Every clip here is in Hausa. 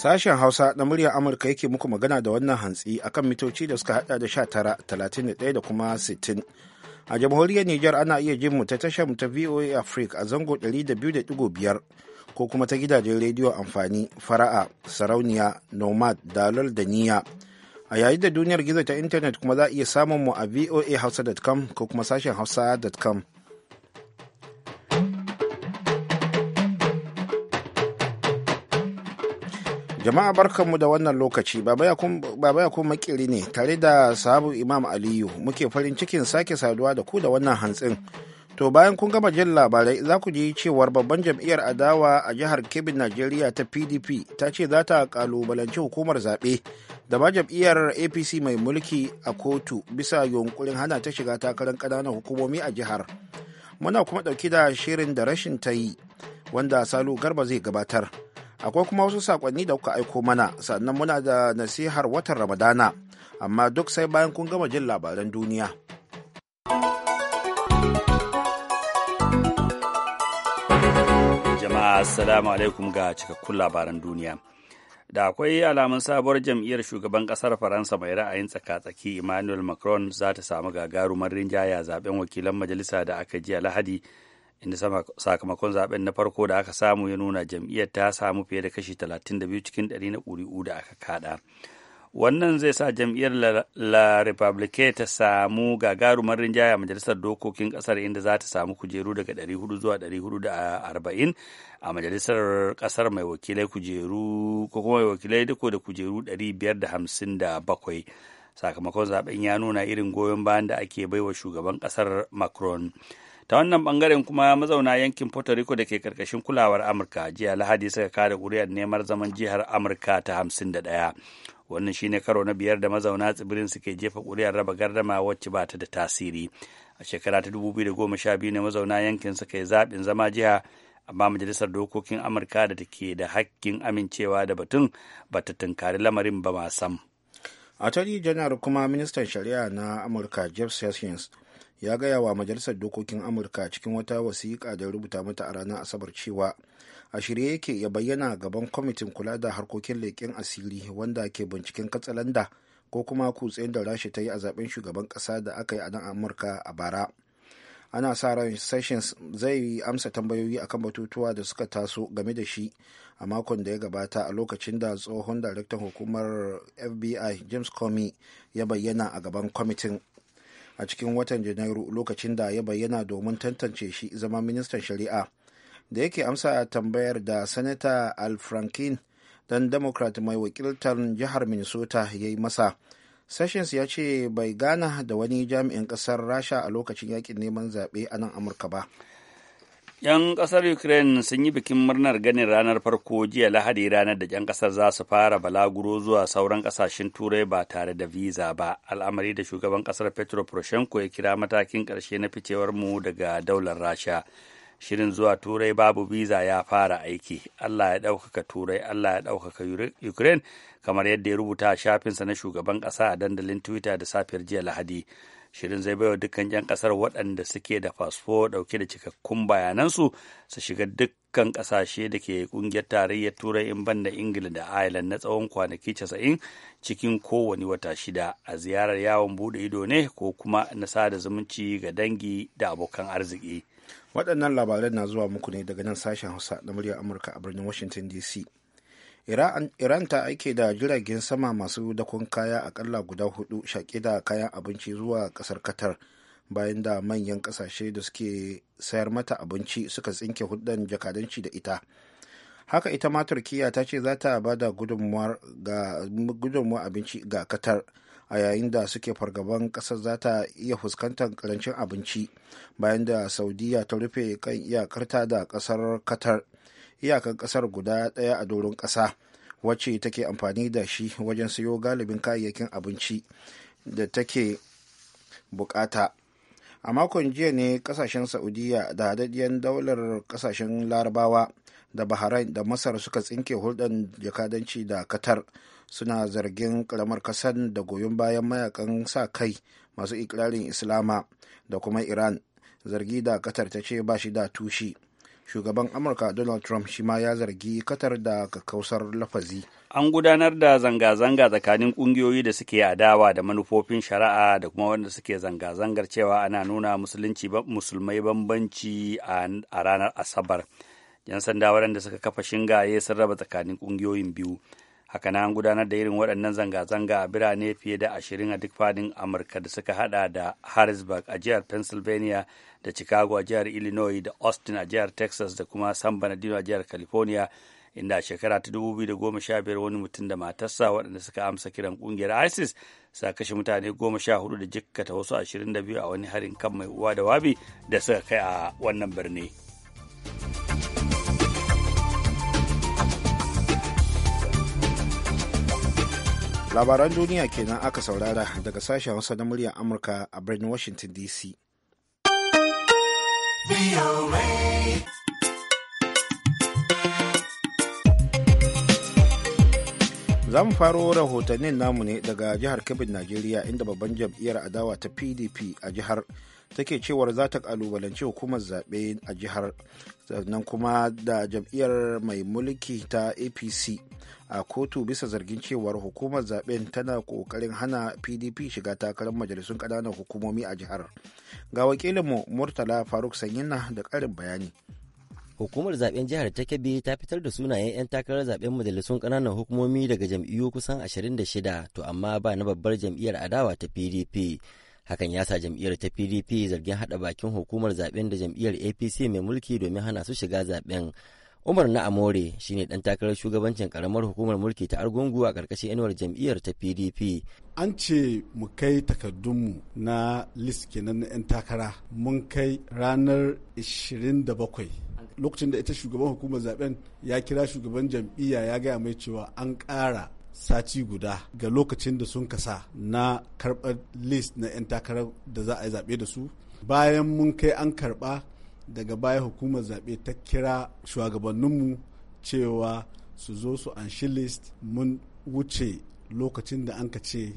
Sashen Hausa na muryar Amurka yake muku magana da wannan hantsi akan mitoci da suka hada da sha tara talatin da kuma 60. A jamhuriyar Nijar ana iya jin mu ta tashar mu ta VOA Africa a zango da da biyar ko kuma ta gidajen rediyo amfani fara'a, sarauniya, nomad, dalol da niyya. A yayin da duniyar gizo ta intanet kuma za a iya samun mu a voahausa.com ko kuma sashen hausa.com. Jama'a mu da wannan lokaci, Baba Makiri ne tare da sahabu Imam Aliyu muke farin cikin sake saduwa da ku da wannan hantsin. To bayan kun gama jin labarai za ku ji cewar babban jam'iyyar adawa a jihar Kebbi Najeriya ta PDP ta ce za ta kalubalanci hukumar zaɓe da ba jam'iyyar APC mai mulki a kotu bisa yunkurin hana ta shiga takarar ƙananan hukumomi a jihar. Muna kuma ɗauki da shirin da rashin ta yi wanda Salu Garba zai gabatar. akwai kuma wasu sakonni da kuka aiko mana sannan muna da nasihar watan ramadana amma duk sai bayan kun gama jin labaran duniya jama'a assalamu alaikum ga cikakkun labaran duniya da akwai alamun sabuwar jam'iyyar shugaban kasar faransa mai ra'ayin tsaka-tsaki emmanuel macron za ta samu gagarumar rinjaya zaben wakilan majalisa da aka ji a lahadi inda sakamakon zaben na farko da aka samu ya nuna jam'iyyar ta samu fiye da kashi 32 cikin 100 na ƙuri'u da aka kada wannan zai sa jam'iyyar la, ta samu gagarumar rinjaya a majalisar dokokin kasar inda za ta samu kujeru daga 400 zuwa 440 a majalisar kasar mai wakilai kujeru ko kuma mai wakilai duko da kujeru 557 sakamakon zaben ya nuna irin goyon bayan da ake baiwa shugaban kasar macron ta wannan bangaren kuma mazauna yankin puerto rico da ke karkashin kulawar amurka jiya lahadi suka kare kuri'ar neman zaman jihar amurka ta hamsin da ɗaya wannan shine karo na biyar da mazauna tsibirin suke jefa kuri'ar raba gardama wacce ba ta da tasiri a shekara ta 2012 ne mazauna yankin suka yi zaɓin zama jiha amma majalisar dokokin amurka da take da hakkin amincewa da batun ba ta tunkari lamarin ba ma sam attorney general kuma ministan shari'a na amurka jeff sessions ya gaya wa majalisar dokokin amurka cikin wata wasiƙa da rubuta mata a ranar asabar cewa a shirye yake ya bayyana gaban kwamitin kula da harkokin leƙen asiri wanda ke binciken katsalanda ko kuma kutsen da rashi ta yi a zaben shugaban ƙasa da aka yi a nan amurka a bara ana sa ran sessions zai amsa tambayoyi akan batutuwa da suka taso game da shi a makon da ya gabata a lokacin da tsohon daraktan hukumar fbi james comey ya bayyana a gaban kwamitin a cikin watan janairu lokacin da ya bayyana domin tantance shi zama ministan shari'a da yake amsa tambayar da sanata al frankin dan democrat mai wakiltar jihar minnesota ya yi masa sessions ya ce bai gana da wani jami'in kasar rasha a lokacin yakin neman zaɓe a nan amurka ba 'Yan ƙasar Ukraine sun yi bikin murnar ganin ranar farko jiya Lahadi ranar da 'yan ƙasar za su fara balaguro zuwa sauran ƙasashen Turai ba tare da visa ba, al'amari da shugaban ƙasar Petro Poroshenko ya kira matakin ƙarshe na ficewar mu daga daular Rasha. Shirin zuwa Turai babu visa ya fara aiki, Allah ya ɗaukaka Turai, Allah ya ɗaukaka Ukraine, kamar yadda ya rubuta shafinsa na shugaban ƙasa a dandalin Twitter da safiyar jiya Lahadi. shirin zai baiwa dukkan 'yan kasar waɗanda suke da fasfo ɗauke da cikakkun bayanansu su shiga dukkan ƙasashe da ke ƙungiyar tarayyar turai in ban da ingila da ireland na tsawon kwanaki 90 cikin kowane wata shida a ziyarar yawon buɗe ido ne ko kuma na sada zumunci ga dangi da abokan arziki waɗannan labarai na zuwa muku ne daga nan sashen hausa na muryar amurka a birnin washington dc iran ta aike da jiragen sama masu dakon kaya akalla guda hudu shaƙi da kayan abinci zuwa ƙasar qatar bayan da manyan ƙasashe da suke sayar mata abinci suka tsinke hudun jakadanci da ita haka ita ma turkiya ta ce za ta ba da gudunmuwar abinci ga qatar a yayin da suke fargaban ƙasar za ta iya fuskantar karancin abinci bayan da saudiya ta rufe kan iyakarta da ƙasar qatar iyakan kasar guda ɗaya a doron ƙasa wacce take amfani da shi wajen siyo galibin kayayyakin abinci da take bukata a makon jiya ne kasashen saudiya da hadaddiyar daular kasashen larabawa da bahrain da masar suka tsinke hulɗar jakadanci da qatar suna zargin karamar kasar da goyon bayan mayakan sa kai masu ikirarin islama da kuma iran zargi da qatar ta ce ba shi da tushe. shugaban amurka donald trump shi ma ya zargi katar da kakkausar lafazi an gudanar da zanga-zanga tsakanin kungiyoyi da suke adawa da manufofin shari'a da kuma wanda suke zanga-zangar cewa ana nuna musulunci musulmai bambanci a ranar asabar yan sanda waɗanda suka kafa shingaye sun raba tsakanin kungiyoyin biyu haka hakanan an gudanar da irin waɗannan zanga-zanga a birane fiye da ashirin a duk fadin amurka da suka hada da harrisburg a jihar pennsylvania da chicago a jihar illinois da austin a jihar texas da kuma san bernardino a jihar california inda a shekara ta 2015 wani mutum da matarsa waɗanda suka amsa kiran kungiyar isis sa kashe mutane goma sha hudu da jikkata wasu ashirin da biyu a wani harin kan mai uwa da wabi da suka kai a wannan birni. labaran duniya kenan aka saurara daga sashen hausa na muryar amurka a birnin washington dc za mu faro rahotannin namu ne daga jihar kebin najeriya inda babban jam'iyyar adawa ta pdp a jihar take cewar za ta kalubalanci hukumar zaɓe a jihar sannan kuma da jam'iyyar mai mulki ta apc a kotu bisa zargin cewar hukumar zaben tana kokarin hana pdp shiga takarar majalisun kananan hukumomi a jihar ga wakilinmu murtala faruk sanyina da karin bayani hukumar zaben jihar ta kebbi ta fitar da sunayen 'yan takarar zaben majalisun kananan hukumomi daga jam'iyyu kusan 26 to amma ba na babbar jam'iyyar adawa ta pdp hakan ya sa jam'iyyar ta pdp zargin hada bakin hukumar zaben da jam'iyyar apc mai mulki domin hana su shiga zaben Umar na Amore shi ne dan takarar shugabancin karamar hukumar mulki ta Argungu a karkashin inuwar jam'iyyar ta PDP. An ce mu kai takardunmu na list kenan na 'yan takara mun kai ranar 27 lokacin da ita shugaban hukumar zaben ya kira shugaban jam'iyya ya gaya mai cewa an ƙara sati guda ga lokacin da sun kasa na karɓar list na 'yan takarar da za a yi zaɓe da su bayan mun kai an karɓa daga baya hukumar zaɓe ta kira shugabanninmu cewa su zo su anshi list mun wuce lokacin da an ka ce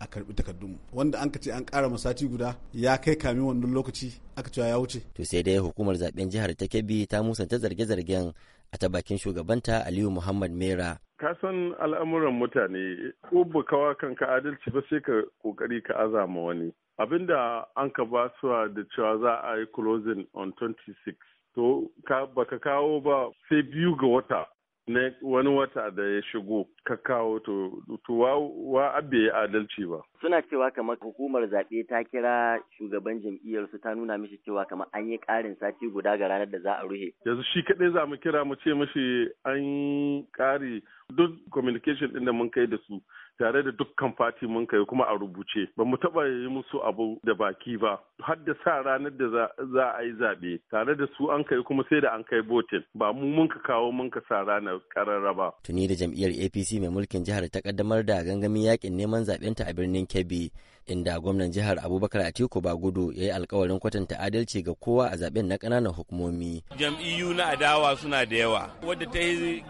a karbi takardunmu wanda an ka ce an kara masati guda ya kai kamin wannan lokaci aka cewa ya wuce to sai dai hukumar zaɓen jihar ta kebbi ta musanta zarge-zargen a ta bakin shugabanta aliyu muhammad mera ka san al'amuran mutane ko kawa kanka adalci ba sai ka kokari ka azama wani abinda an ka ba su da cewa za a yi closing on 26 to baka kawo ba sai biyu ga wata na wani wata da ya shigo ka kawo to wa, wa ya adalci ba. Suna cewa kamar hukumar zaɓe ta kira shugaban jam'iyyar su ta nuna mishi cewa kamar an yi ƙarin sati guda ga ranar da za a ruhe. Yanzu shi kaɗai za mu kira mu ce mishi an ƙari duk communication ɗin da mun kai da su tare da dukkan fati mun kai kuma a rubuce ba mu taɓa yi musu abu da baki ba har da sa ranar da za a yi zaɓe tare da su an kai kuma sai da an kai botin ba mu mun ka kawo mun ka sa ranar karara ba. Tuni da jam'iyyar APC mai mulkin jihar ta kaddamar da gangamin yakin neman zaɓenta a birnin Kebbi inda gwamnan jihar abubakar atiku gudu ya yi alkawarin kwatanta adalci ga kowa a zaben na ƙananan hukumomi jam'iyyu na adawa suna da yawa wadda ta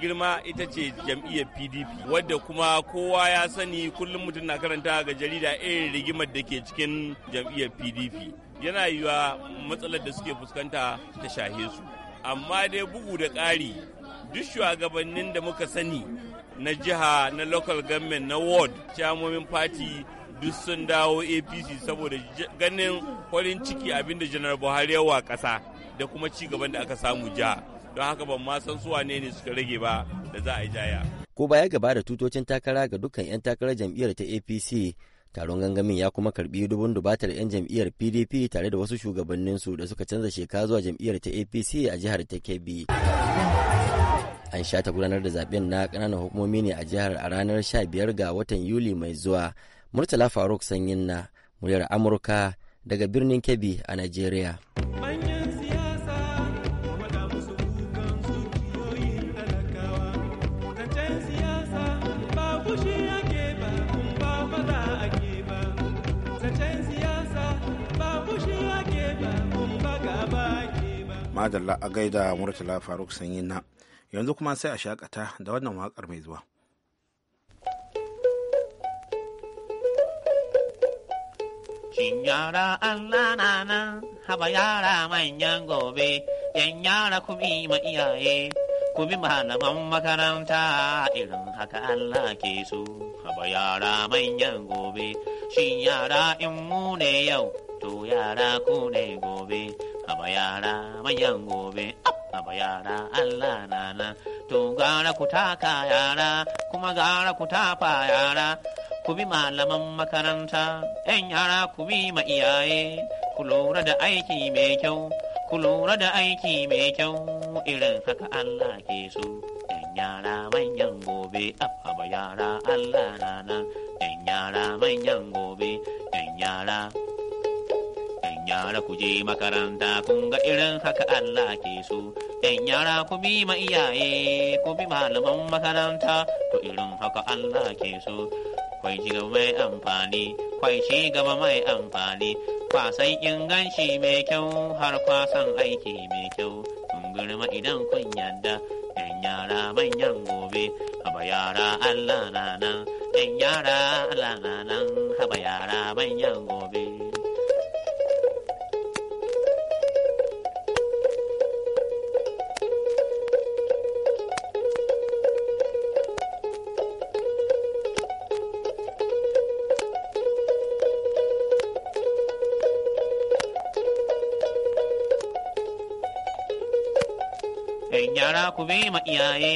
girma ita ce jam'iyyar pdp wadda kuma kowa ya sani kullum mutum na karanta ga jarida irin rigimar da ke cikin jam'iyyar pdp yana yiwa matsalar da suke fuskanta ta shahe su amma dai bugu da ƙari duk shugabannin da muka sani na jiha na local government na ward chairman party duk sun dawo apc saboda ganin farin ciki abinda janar buhari yawa kasa da kuma ci gaban da aka samu ja don haka ban ma san su wane ne suka rage ba da za a yi jaya ko baya gaba da tutocin takara ga dukkan 'yan takarar jam'iyyar ta apc taron gangamin ya kuma karbi dubun dubatar 'yan jam'iyyar pdp tare da wasu shugabanninsu da suka canza shekara zuwa jam'iyyar ta apc a jihar ta kebbi an shata gudanar da zaben na kananan hukumomi ne a jihar a ranar 15 ga watan yuli mai zuwa Murtala Faruk Sanyin na muryar Amurka daga birnin Kebbi a Najeriya. Madalla a gaida Murtala Faruk Sanyin na yanzu kuma sai a shakata da wannan waƙar mai zuwa. Shin yara Allah na nan, manyan gobe, yan yara ku ma iyaye, ku na makaranta irin haka Allah ke so. Haba manyan gobe, shin yara in mu ne yau, to yara ku ne gobe, haba yara Allah na to gara ku yara, kuma gara ku yara. ku bi malaman makaranta, ‘yan yara ku bi ma iyaye, ku lura da aiki mai kyau, ku lura da aiki mai kyau, irin haka Allah ke so. ‘Yan yara manyan gobe, abba yara Allah na. ‘yan yara manyan gobe, ‘yan yara. ‘Yan yara ku je makaranta, kun ga irin haka Allah ke so. ‘Yan yara ku bi ma iyaye, ku bi malaman makaranta, to irin haka Allah ke so. kwai ci gaba mai amfani kwai ci gaba mai amfani kwasan inganci mai kyau har kwasan aiki mai kyau kun girma idan kun yadda yan yara manyan gobe haba yara Allah na nan yan yara Allah na nan haba yara manyan gobe ku bi ma iyaye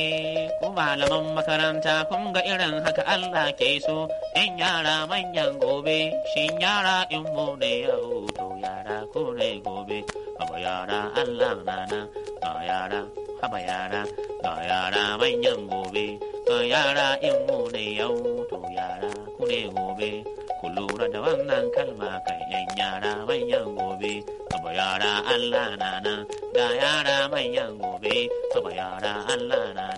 ku malaman makaranta kun ga irin haka Allah ke so in yara manyan gobe shin yara in mu ne yau to yara ku ne gobe haba yara Allah nana ga yara haba yara ga yara manyan gobe ga yara in mu ne yau to yara ku ne gobe ku lura da wannan kalma kan yan yara manyan gobe haba yara Allah nana ga yara manyan gobe Saba yara Allah rana,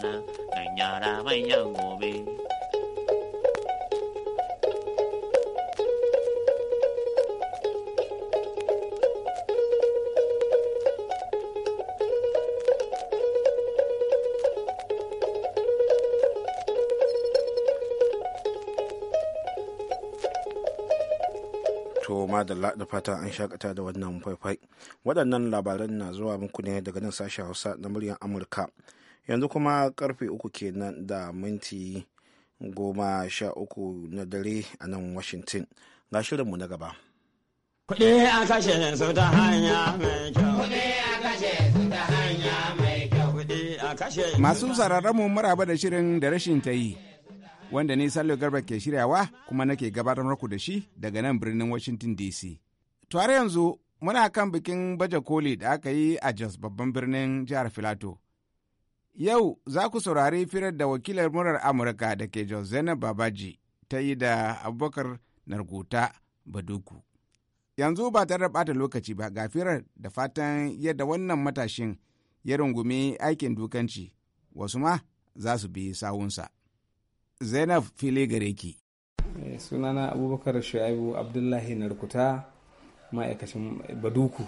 gan yara manyan gobe. da da fatan an shakata da wannan faifai waɗannan labaran na zuwa muku ne daga nan sashen hausa na muryar amurka yanzu kuma karfe uku kenan da minti goma sha uku na dare a nan washington ga shirinmu na gaba kuɗi a kashe su ta hanya mai kyau kuɗi a kashe su ta hanya mai kyau kuɗi a kashe masu sararin mu maraba da shirin da rashin ta yi wanda ni Salo Garba ke shiryawa kuma nake gabatar muku da shi daga nan birnin Washington DC. Tare yanzu muna kan bikin baje koli da aka yi a Jos babban birnin jihar Filato. Yau za ku saurari firar da wakilar murar Amurka da ke Jos Zainab Babaji ta yi da Abubakar Narguta Baduku. Yanzu ba tare da ɓata lokaci ba ga firar da fatan yadda wannan matashin ya rungumi aikin dukanci, wasu ma za su bi sawunsa. Zainab file gare ki. Eh, sunana Abubakar Shu'aibu Abdullahi Narkuta ma'aikacin Baduku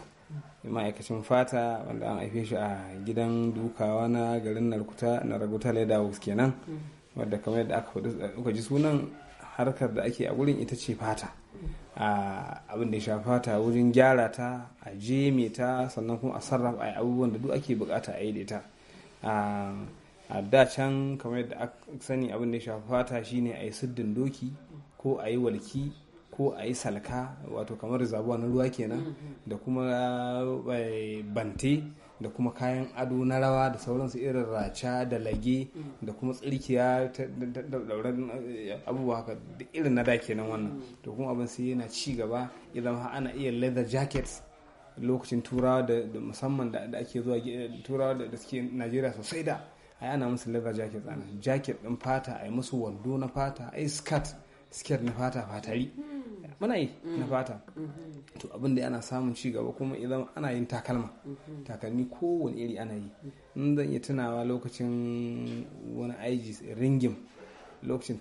ma'aikacin fata wanda an haife shi a gidan dukawa na garin Narkuta na Raguta Ledawox kenan wadda kamar yadda aka ji sunan harkar da ake a wurin ita ce fata abin da ya sha fata wurin gyara ta a jemeta ta sannan kuma a sarrafa a abubuwan da duk ake bukata a yi da ita a da can kamar yadda aka sani abin da ya shafi fata shine a yi siddin doki ko a yi walki ko a yi salka wato kamar zabuwa na ruwa kenan mm-hmm. da kuma eh, bante da kuma kayan ado na rawa da sauransu irin raca da lage mm. da kuma tsirkiya da dauran eh, abubuwa haka da irin na da kenan wannan mm. to kuma abin sai yana ci gaba idan ana iya leather jackets lokacin turawa da musamman da ake zuwa eh, turawa da suke najeriya sosai da ai ana musu leather jacket ana jacket din fata ai musu wando na fata ai skirt skirt na fata fatari muna yi na fata to abin da ana samun ci gaba kuma idan ana yin takalma takalmi kowane iri ana yi in zan iya tunawa lokacin wani aiji ringim lokacin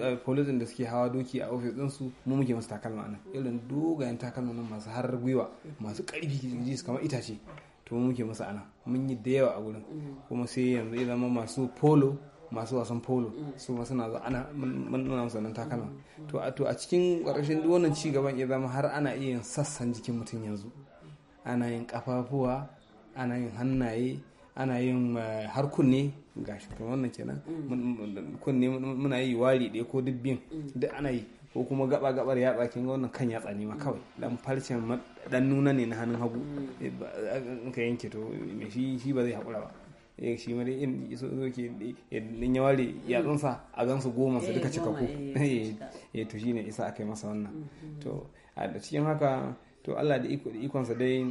eh, polisin da suke hawa doki a ofis ɗinsu mu muke musu takalma nan irin dogayen takalma nan masu har gwiwa masu ƙarfi ji kamar itace to muke masa ana mun yi da yawa a gurin kuma sai yanzu idan zama masu polo masu wasan polo su ma suna za ana muna musu nan takalma to a to a cikin ƙarshen duk wannan ci gaban ya zama har ana iya yin sassan jikin mutum yanzu ana yin kafafuwa ana yin hannaye ana yin eh, har kunne gashi wannan kenan kunne muna yi wari ɗaya ko dubbin duk ana yi ko kuma gaba gabar ya bakin wannan kan ya tsani ma kawai dan farcen dan nuna ne na hannun hagu eh, in ka yanke to me shi ba zai hakura ba eh shi ma dai in so ke eh, in ya ware ya tsunsa a su goma su duka eh, cika ku eh to shine isa aka masa wannan mm-hmm. to a cikin haka to Allah da ikonsa dai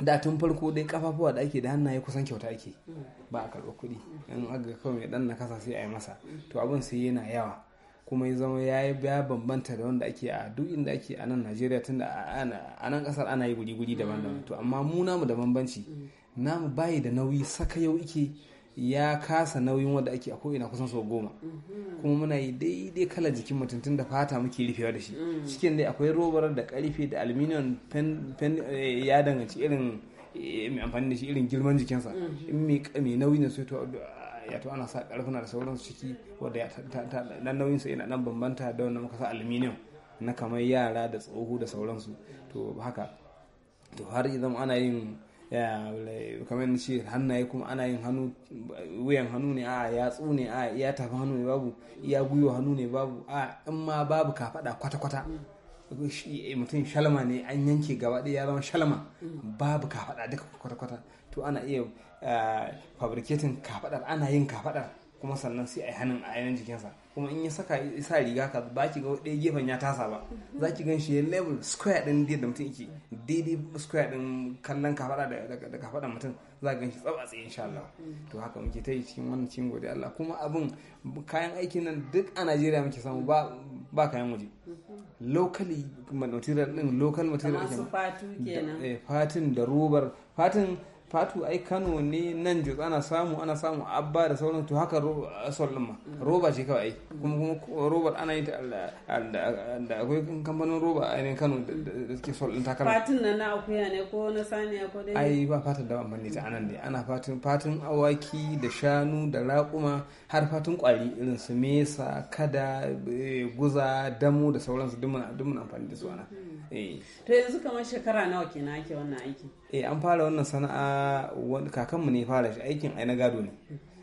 da tun farko dai kafafuwa da ake da hannaye kusan kyauta ake mm. ba a karɓar kuɗi in aga kawai mai dan na kasa sai a yi masa to abin sai yana yawa kuma ya zama ya yi bambanta da wanda ake a duk inda ake a nan najeriya tun da a nan kasar ana yi guri-guri daban-daban to amma mu namu da bambanci namu bayi da nauyi saka yau ike ya kasa nauyin wanda ake a ko'ina kusan sau goma kuma muna yi daidai kalar jikin mutum tun da fata muke rufewa da shi cikin dai akwai robar da karfe da aluminium eh, ya danganci irin eh, mai amfani da shi irin girman jikinsa in mai nauyi ne sai to to ana sa karfuna da sauransu ciki wadda dan nauyin sa yana dan bambanta da wanda muka sa aluminium na kamar yara da tsoho da sauransu to haka to har idan ana yin kamar shi hannaye kuma ana yin hannu wuyan hannu ne a tsu ne a ya tafi hannu ne babu iya guyo hannu ne babu a in ma babu kafada kwata-kwata mutum shalma ne an yanke gaba ɗaya ya zama shalma babu fada duka kwata-kwata to ana iya eh, fabriketin kafadar ana yin kafadar kuma sannan sai a yi hannun a yanar jikinsa kuma in ya saka isa riga ka ba ki ga ɗaya gefen ya tasa ba za ki gan shi ya level square ɗin da mutum yake daidai square ɗin kallon kafaɗa da kafaɗa mutum za ka gan shi tsaba tsaye insha Allah to haka muke ta yi cikin wannan cikin gode Allah kuma abin kayan aikin nan duk a Najeriya muke samu ba ba kayan waje locally material din local material kenan fatin eh, da robar fatin fatu ai kano ne nan jos ana samu ana samu abba da sauran to haka sallin ma roba ce kawai kuma kuma robar ana yi ta da akwai kamfanin roba a yanayin kano da suke sallin takarar fatin na na akuya ne ko na saniya ko dai ai ba fatin da ban ta anan ne ana fatin fatin awaki da shanu da raƙuma har fatin kwari irin su mesa kada eh, guza damu da sauransu duk muna amfani da su ana hmm. eh. to yanzu kamar shekara nawa kenan ake wannan aiki eh an fara wannan sana'a kakanmu ne fara shi aikin Aina gado ne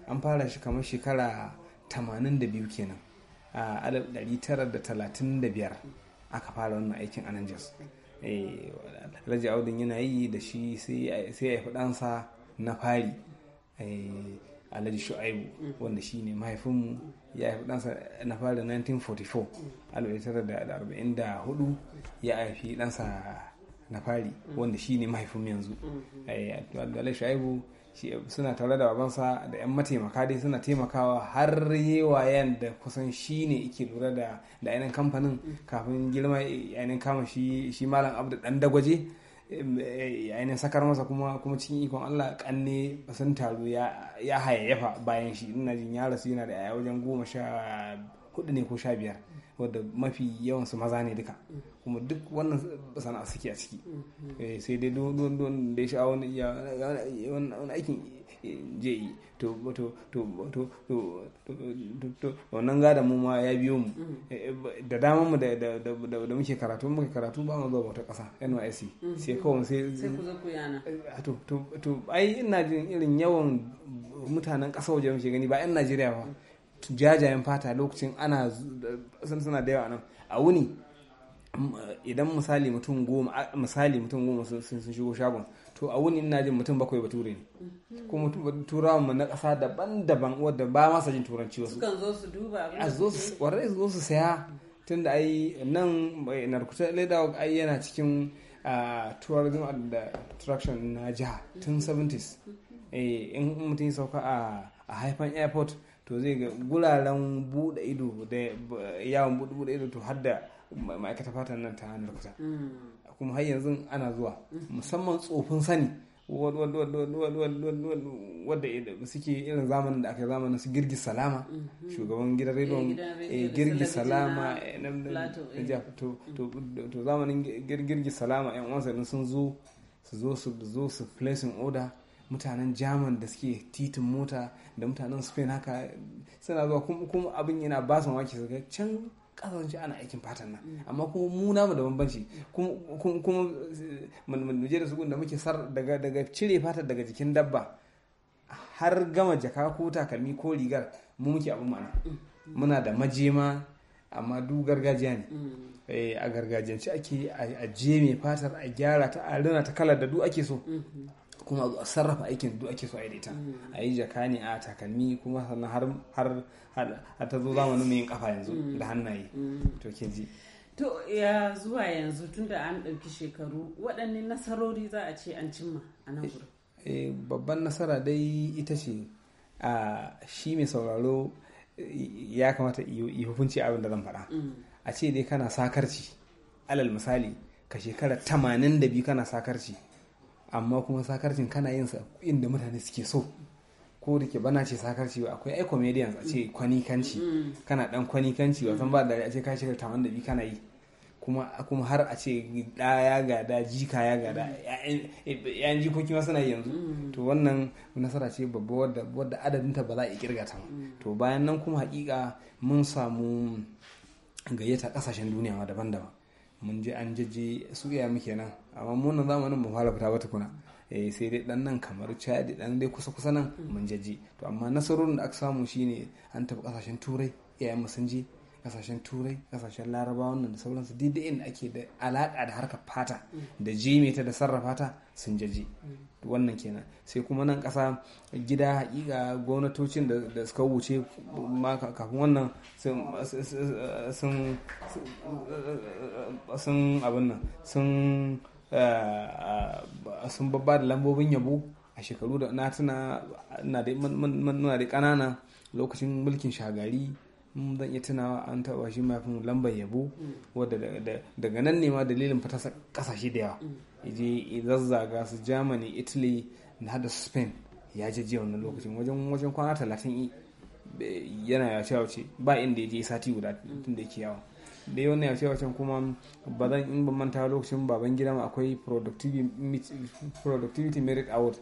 an fara shi kamar shekara 82 kenan a 1935 aka fara wannan aikin anan jas eh, alhaji audin yana yi da shi sai ya fudansa na fari eh, alhaji shu'aibu wanda shi ne mahaifinmu ya haifi ɗansa na fari 1944 1944 ya haifi ɗansa na fari mm. wanda shi ne mahaifin yanzu mm-hmm. eh, Abdullahi Shaibu suna tare da babansa da 'yan mataimaka dai suna taimakawa har yewayen da kusan shi ne ike lura da ainihin kamfanin mm. kafin girma ainihin kama shi malam abu da dan dagwaje eh, ainihin sakar masa kuma kuma cikin ikon allah kanne sun taru ya hayayyafa bayan shi ina jin ya rasu yana da yaya wajen goma sha hudu ne ko sha biyar wadda mafi yawan su maza ne duka kuma duk wannan sana'a suke a ciki eh, sai dai don da ya sha wani aikin je yi to to to to to wannan gada mu ma ya biyo mu da dama mu da da da muke karatu muke karatu ba mu zuwa wata kasa NYSC sai kawai sai sai ku zo ku yana eh, to to to ai ina jin irin yawan mutanen kasa waje muke gani ba yan Najeriya ba jajayen fata lokacin ana suna da yawa nan a wuni idan misali mutum goma misali mutum goma sun shigo shagon to a wuni ina jin mutum bakwai bature ne kuma turawan mu na kasa daban-daban wadda ba masa jin turanci wasu sukan zo su duba a zo su warai zo su saya tunda ai nan eh, narkuta leda ai yana cikin ah, tourism and eh, attraction na jiha tun 70s eh, in mutum sauka a haifan airport to zai ga guraren buɗe ido da yawon buɗe ido to hadda ma'aikata fatan nan ta hannun kusa mm. kuma har yanzu ana zuwa musamman tsofin sani wadda suke irin zamanin da aka zamanin su girgi salama mm-hmm. shugaban gidan rediyon girgi salama to zamanin girgi salama yan uwansa sun zo su zo su zo su order mutanen german da suke titin mota da mutanen spain haka suna zuwa kuma abin yana ba su mamaki su can kasance ana aikin fatan nan mm. amma kuma mu namu da bambanci kuma mu da su da muke sar daga cire fatar daga jikin dabba har gama jaka ko takalmi ko rigar mu muke abin mana mm. muna da majema amma du gargajiya ne mm. eh, a gargajiyance ake a jeme mai fatar a gyara ta a ta kalar da du ake so mm-hmm. kuma a sarrafa aikin duk ake so a ita mm. a yi jaka ne a takalmi kuma sannan har har ta zo zamanin mai yin kafa yanzu mm. da hannaye mm. to ke ji to ya zuwa yanzu tunda an ɗauki shekaru waɗanne nasarori za a ce an cimma a nan gurin eh, eh, babban nasara dai ita ce a shi mai sauraro eh, ya kamata yi hukunci abin da zan faɗa a ce dai kana sakarci alal misali ka shekara 82 kana sakarci amma kuma sakarcin kana yin sa inda mutane suke so ko da ke bana ce sakarci ba akwai ai comedians a ce kwani kanci mm. kana dan kanci ba san ba da a ce ka shiga taman da bi kana yi kuma kuma har a ce da ya gada jika ya gada yayan mm. jikoki ma suna yanzu mm. to wannan nasara ce babba wadda wadda adadinta ba za a kirga ta to bayan nan kuma hakika mun samu gayyata kasashen duniya daban-daban mun je an jaji su ya muke nan amma mun nan zamanin mu fara fita ba tukuna eh sai dai dan nan kamar Chad dan dai kusa kusa nan mun jaji to amma nasarorin da aka samu shine an tafi kasashen turai iyayen mu sun je kasashen turai kasashen larabawa wannan da sauransu duk inda ake da alaƙa da harkar fata da jeme ta da sarrafa ta sun jaje mm. wannan kenan sai kuma nan kasa gida haƙiƙa gwamnatocin da suka wuce kafin wannan sun abin nan eh, sun babba da lambobin yabo a shekaru da na tuna na da ƙanana lokacin mulkin shagari zan iya tunawa an taba shi mafin lambar yabo wadda daga nan ne ma dalilin fatasa kasashe da yawa je zazzaga su germany italy na hada spain ya je jiya wannan lokacin wajen wajen kwana talatin yana ce wace ba inda ya je sati guda tun da yake yawa da yau na ce wacan kuma ba zan in ban manta lokacin baban gida akwai productivity merit award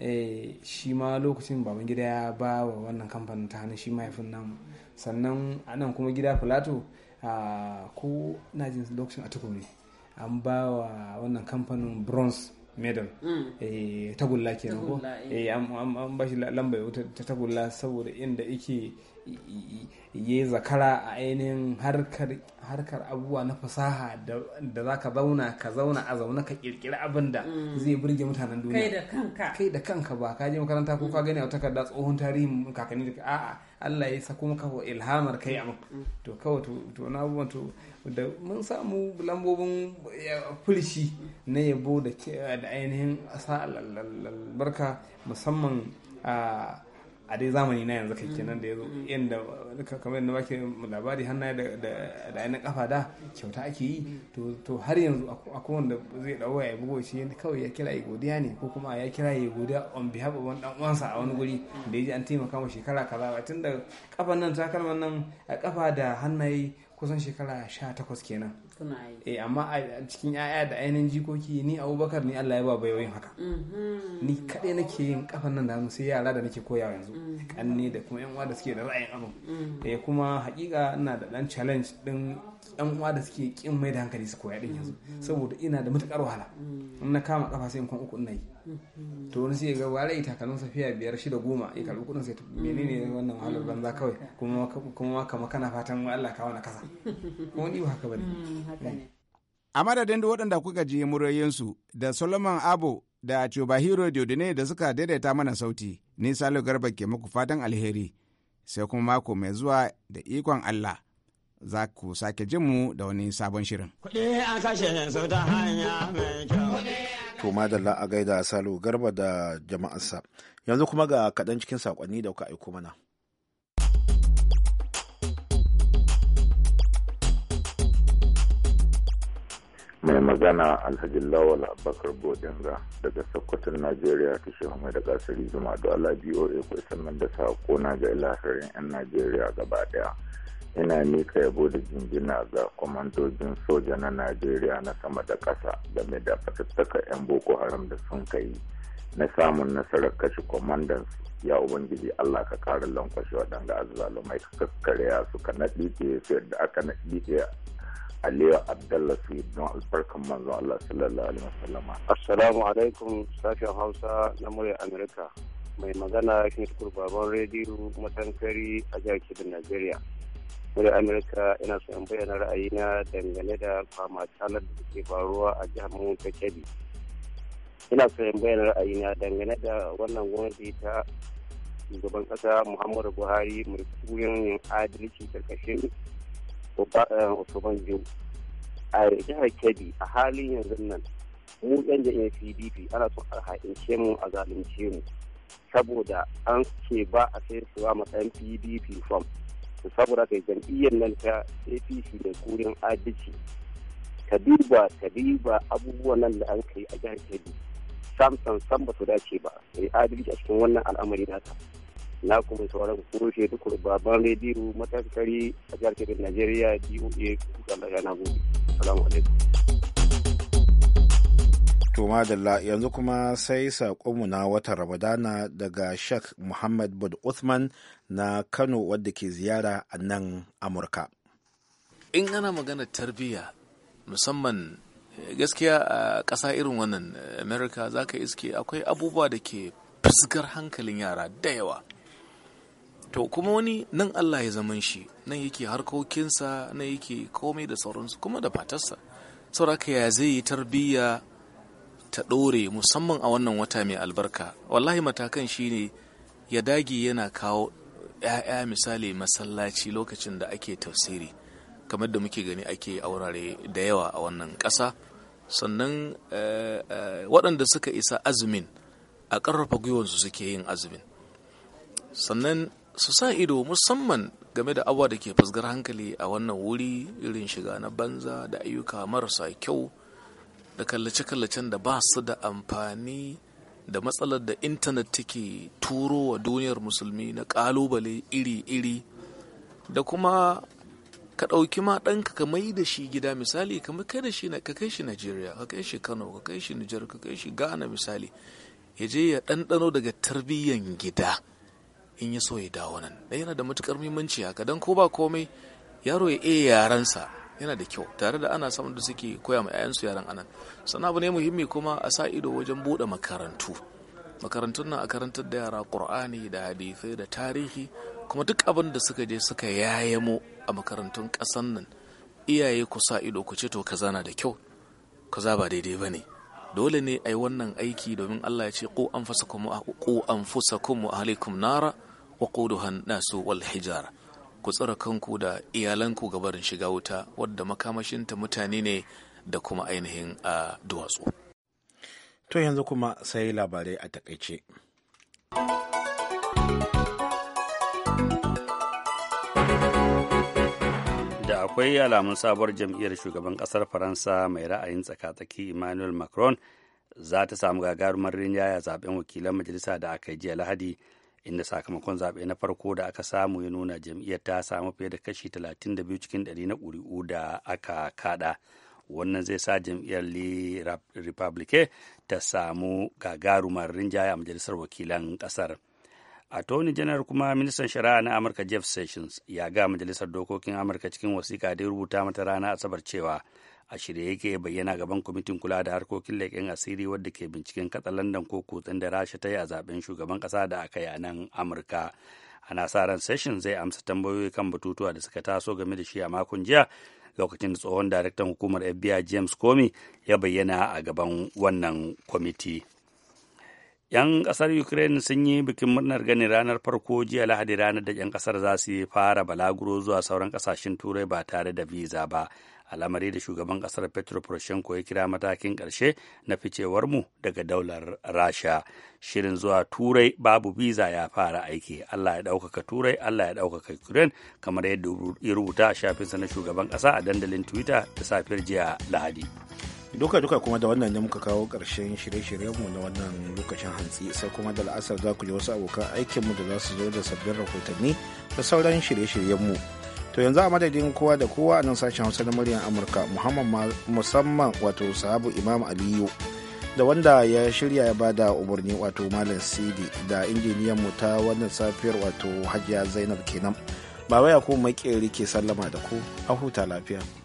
eh, shi ma lokacin baban gida ya ba wa wannan kamfanin ta hannun shi mahaifin namu sannan a nan kuma gida filato ko na jin lokacin a tukur an ba wa wannan kamfanin bronze medal mm. eh, tagulla kenan ko eh. Eh, an ba shi lamba ta tagulla saboda inda ike ya zakara a ainihin harkar abubuwa na fasaha da za ka zauna ka zauna a zaune ka kirkiri abin da mm. zai burge mutanen duniya kai da kanka ba ka je makaranta ko ka gani a takarda tsohon tarihin kakanni da a'a Allah ya sako maka ilhamar kai amma to kawai to na abubuwan to da mun samu lambobin fulshi na yabo da ainihin asa albarka musamman a ah, a dai zamani na yanzu kai mm. kenan da ya zo inda mm. kamar yadda baki labari hannaye da ainihin kafa da kyauta ake yi mm. to har yanzu akwai wanda zai dawo ya bugo shi kawai ya kira ya godiya ne ko kuma ya kira ya godiya on behalf of wani dan uwansa a wani guri da ya ji an taimaka ma shekara kaza ba tun da kafan nan takalman nan a kafa da hannaye kusan shekara sha takwas kenan suna yi eh amma a cikin yaya da ainihin jikoki ni abubakar ni allah ya ba bayoyin haka mm-hmm. ni kaɗai nake yin kafan nan da hannu sai yara da nake koyawa yanzu kanne mm-hmm. da kuma yan uwa da suke da ra'ayin abu mm. eh kuma hakika ina da dan challenge din yan uwa da suke kin mai da hankali su koya din yanzu saboda ina da matukar wahala in na kama kafa sai in kwan uku ina yi to wani sai ga wala ita kanun safiya biyar shida goma ya karbi kudin sai menene wannan wahalar banza kawai kuma kuma kama kana fatan Allah ka wani kasa ko ni haka bane mm, a madadin da waɗanda kuka ji su da Solomon Abo da Chubahiro Diodune da suka daidaita mana sauti ni Salo Garba ke muku fatan alheri sai kuma mako mai zuwa da ikon Allah za ku sake jin mu da wani sabon shirin. Kuɗi a kashe su ta hanya mai kyau. To madalla a gaida Salo Garba da jama'arsa. Yanzu kuma ga kaɗan cikin saƙonni da kuka aiko mana. mai magana alhaji lawal abubakar bodinga daga sokoton najeriya ta shi mai da gasari zuma da ala boa ko sannan da saƙona ga ilahirin 'yan najeriya gaba daya ina mika yabo da jinjina ga kwamandojin soja na najeriya na sama da ƙasa game da fatattaka 'yan boko haram da sun kai na samun nasarar kashe kwamandan ya ubangiji allah ka kara lankwashe waɗanda azalumai ka kakkarya su ka naɗi su yadda aka naɗiɗe aliyu abdallah su don albarkan manzon allah sallallahu alaihi wasallam assalamu alaikum sashen hausa na murya amurka mai magana shi baban rediyo matankari a jihar kebbi najeriya wani amurka ina son bayyana ra'ayina dangane da kwamatalar da ke faruwa a jihar mu ta kebbi ina son bayyana ra'ayina dangane da wannan gwamnati ta shugaban kasa muhammadu buhari mai yin adalci karkashin obanjo eh, a jihar kebbi a halin yanzu nan mu yan jami'in pdp ana son a mu a zalunce mu saboda an ce ba a sayar suwa matsayin pdp form to saboda kai jam'iyyar nan ta apc da kurin adici ka duba ka duba abubuwan nan da an kai a jihar kebbi samson sam ba su dace ba sai adalci a cikin wannan al'amari nata na kuma sauran kuroshe duk baban rediyo matakari a jihar kebbi najeriya doa kuka lagana gobe salamu alaikum To madalla yanzu kuma sai saƙonmu na watan Ramadana daga Sheikh Muhammad Bud Uthman na Kano wadda ke ziyara a nan Amurka. In ana magana tarbiyya musamman eh, gaskiya a ƙasa irin wannan eh, America za ka iske akwai abubuwa da ke fuskar hankalin yara da yawa. To kuma wani nan Allah ya zaman shi nan yake harkokinsa nan yake komai da sauransu kuma da fatarsa. Sauraka ya zai yi tarbiyya ta ɗore musamman a wannan wata mai albarka wallahi matakan shine ya dage yana kawo 'ya'ya misali masallaci lokacin da ake tafsiri kamar da muke gani ake a wurare da yawa a wannan ƙasa sannan eh, eh, waɗanda suka isa azumin a ƙarfafa gwiwansu suke yin azumin sannan su sa ido musamman game da abuwa da ke fusgar hankali a wannan wuri irin shiga na banza da ayyuka marasa kyau da kallace-kallacen da ba su da amfani da matsalar da intanet take turo wa duniyar musulmi na kalubale iri-iri da kuma ka ɗauki ma ɗanka ka mai da shi gida misali ka kai da shi ka kai shi Najeriya ka kai shi Kano ka kai shi Nijar ka kai shi Ghana misali ya je ya ɗanɗano daga tarbiyyan gida in ya so ya dawo nan yana da matukar muhimmanci haka don ko ba komai yaro ya iya yaransa yana da kyau tare da ana samun da suke koya ma 'ya'yansu yaran anan sannan abu ne muhimmi kuma a sa ido wajen bude makarantu makarantun nan a karantar da yara ƙur'ani da hadisai da tarihi kuma duk abin da suka je suka yayamo a makarantun kasan nan iyaye ku sa ido ku ce to kaza na da kyau kaza ba daidai ba ne dole ne a yi wannan aiki domin Allah ya ce ku anfusakum wa ahlikum nara wa quduha an-nasu wal hijara ku tsara kanku da iyalanku ga barin shiga wuta wadda makamashinta mutane ne da kuma ainihin a duwatsu. To yanzu kuma sai labarai a takaice. Da akwai alamun sabuwar jam'iyyar shugaban ƙasar Faransa mai ra'ayin tsaka-tsaki Emmanuel Macron za ta samu gagarumar rinjaya zaben wakilan majalisa da aka yi jiya Lahadi. inda sakamakon zaɓe na farko da aka samu ya nuna jam'iyyar ta samu fiye da kashi 32 cikin 100 na ƙuri'u da aka kada wannan zai sa jam'iyyar republican ta samu gagarumar rinjaye a majalisar wakilan ƙasar attorney janar kuma ministan shari'a na amurka jeff sessions ya ga majalisar dokokin amurka cikin wasiƙa da rubuta mata rana asabar cewa a shirye yake bayyana gaban kwamitin kula da harkokin leƙen asiri wadda ke binciken katsa katsalandan ko kutsen da rasha ta yi a zaben shugaban ƙasa da aka yi a nan amurka ana sa ran session zai amsa tambayoyi kan batutuwa da suka taso game da shi a makon jiya lokacin da tsohon daraktan hukumar fbi james comey ya bayyana a gaban wannan kwamiti 'yan kasar ukraine sun yi bikin murnar ganin ranar farko jiya lahadi ranar da 'yan kasar za su fara balaguro zuwa sauran kasashen turai ba tare da visa ba alamari da shugaban kasar petro poroshenko ya kira matakin ƙarshe na ficewar mu daga daular rasha shirin zuwa turai babu biza ya fara aiki allah ya ɗaukaka turai allah ya ɗaukaka ukraine kamar yadda ya rubuta a shafinsa na shugaban kasa a dandalin twitter da safiyar jiya lahadi duka duka kuma da wannan ne muka kawo ƙarshen shirye-shiryenmu na wannan lokacin hantsi sai kuma da la'asar za ku ji wasu abokan mu da za su zo da sabbin rahotanni da sauran shirye-shiryenmu to yanzu a madadin kowa da kowa a nan sashen hausa na muryar amurka muhammad musamman wato sahabu imam aliyu da wanda ya shirya ya bada umarni wato malam sidi da injiniyan mu ta wannan safiyar wato hajiya zainab kenan baba ya ku makeri ke sallama da ku a huta lafiya